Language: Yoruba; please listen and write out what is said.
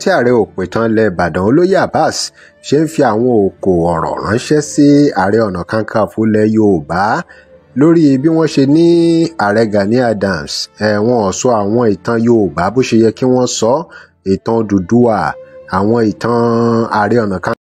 tí ààrẹ òpìtàn lẹ ìbàdàn olóyè abbas ṣe ń fi àwọn òkò ọ̀rọ̀ ránṣẹ́ sí ààrẹ ọ̀nà kakanfò lẹ yorùbá lórí bí wọ́n ṣe ní ààrẹ gani adams ẹ̀wọ̀n eh, sọ àwọn ìtàn yorùbá bó ṣe yẹ kí wọ́n sọ ìtàn dùdúà àwọn ìtàn ààrẹ ọ̀nà kakanfò.